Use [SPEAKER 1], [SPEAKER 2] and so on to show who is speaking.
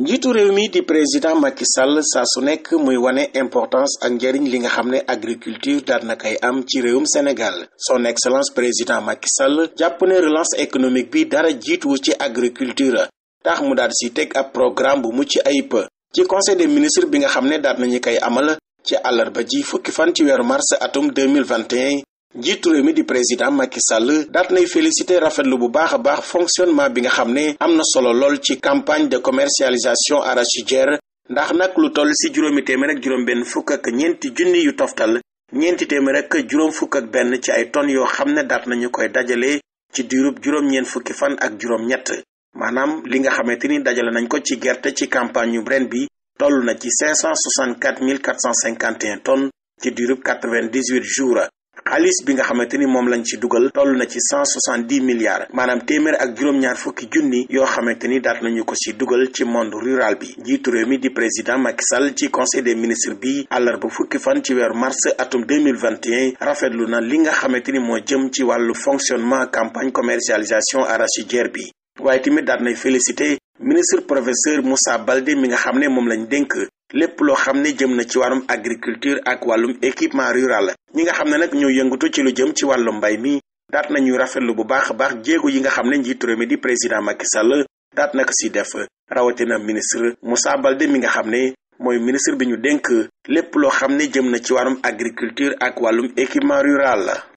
[SPEAKER 1] njiitu réew mii di président Macky Sall saa su nekk muy wane importance ak njëriñ li nga xam ne agriculture daan na koy am ci réewum Sénégal son excellence président Macky Sall jàpp ne relance économique bi dara jiitu ci agriculture tax mu daal si teg ab programme bu mucc ayib ci conseil des ministres bi nga xam ne daan nañu koy amal ci àllarba ji fukki fan ci weeru mars atum 2021 njiitu réew mi di président Macky Sall daat nay félicité rafet lu bu baax a baax fonctionnement bi nga xam ne am na solo lool ci campagne de commercialisation arachidière ndax nag lu toll ci juróomi téeméer ak juróom benn fukk ak ñeenti junni yu toftal ñeenti téeméer ak juróom fukk ak benn ci ay tonnes yoo xam ne daat nañu koy dajale ci diirub juróom-ñeent fukki fan ak juróom-ñett maanaam li nga xamante ni dajale nañ ko ci gerte ci campagne yu ren bi toll na ci 564 451 tonnes ci diirub 98 jours. xaalis bi nga xamante ni moom lañ ci dugal toll na ci cent soixante dix milliards maanaam téeméer ak juróom-ñaar fukki junni yoo xamante ni daat nañu ko ci dugal ci monde rural bi njiitu réew mi di président Macky Sall ci conseil des ministre bi àllarba fukki fan ci weeru mars atum deux mille vingt et un rafetlu na li nga xamante ni moo jëm ci wàllu fonctionnement campagne commercialisation arachidière bi waaye tamit daat nay félicité ministre professeur Moussa Baldé mi nga xam ne moom lañ dénk lépp loo xam ne jëm na ci wàllum agriculture ak wàllum équipement rural ñi nga xam ne nag ñoo yëngatu ci lu jëm ci wàllum mbay mi daat nañu rafetlu bu baax a baax jéego yi nga xam ne njiitu réew mi di président Macky Sall daat na ko si def rawatina ministre Moussa Baldé mi nga xam ne mooy ministre bi ñu dénk lépp loo xam ne jëm na ci wàllum agriculture ak wàllum équipement rural.